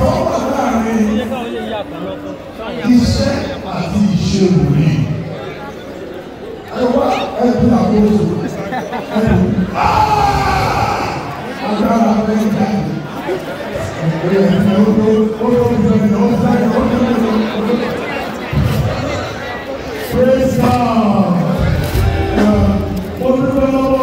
ìyàtọ̀ láàrin iṣẹ́ àti ìṣirò rí ẹ wá ẹdùn àkóso ẹdùn agbára bẹ́ẹ̀ jáde ẹ̀rọ ẹ̀fọ́ olóògbé ọ̀nà ọ̀sán olóògbé ọ̀nà praise God. Uh,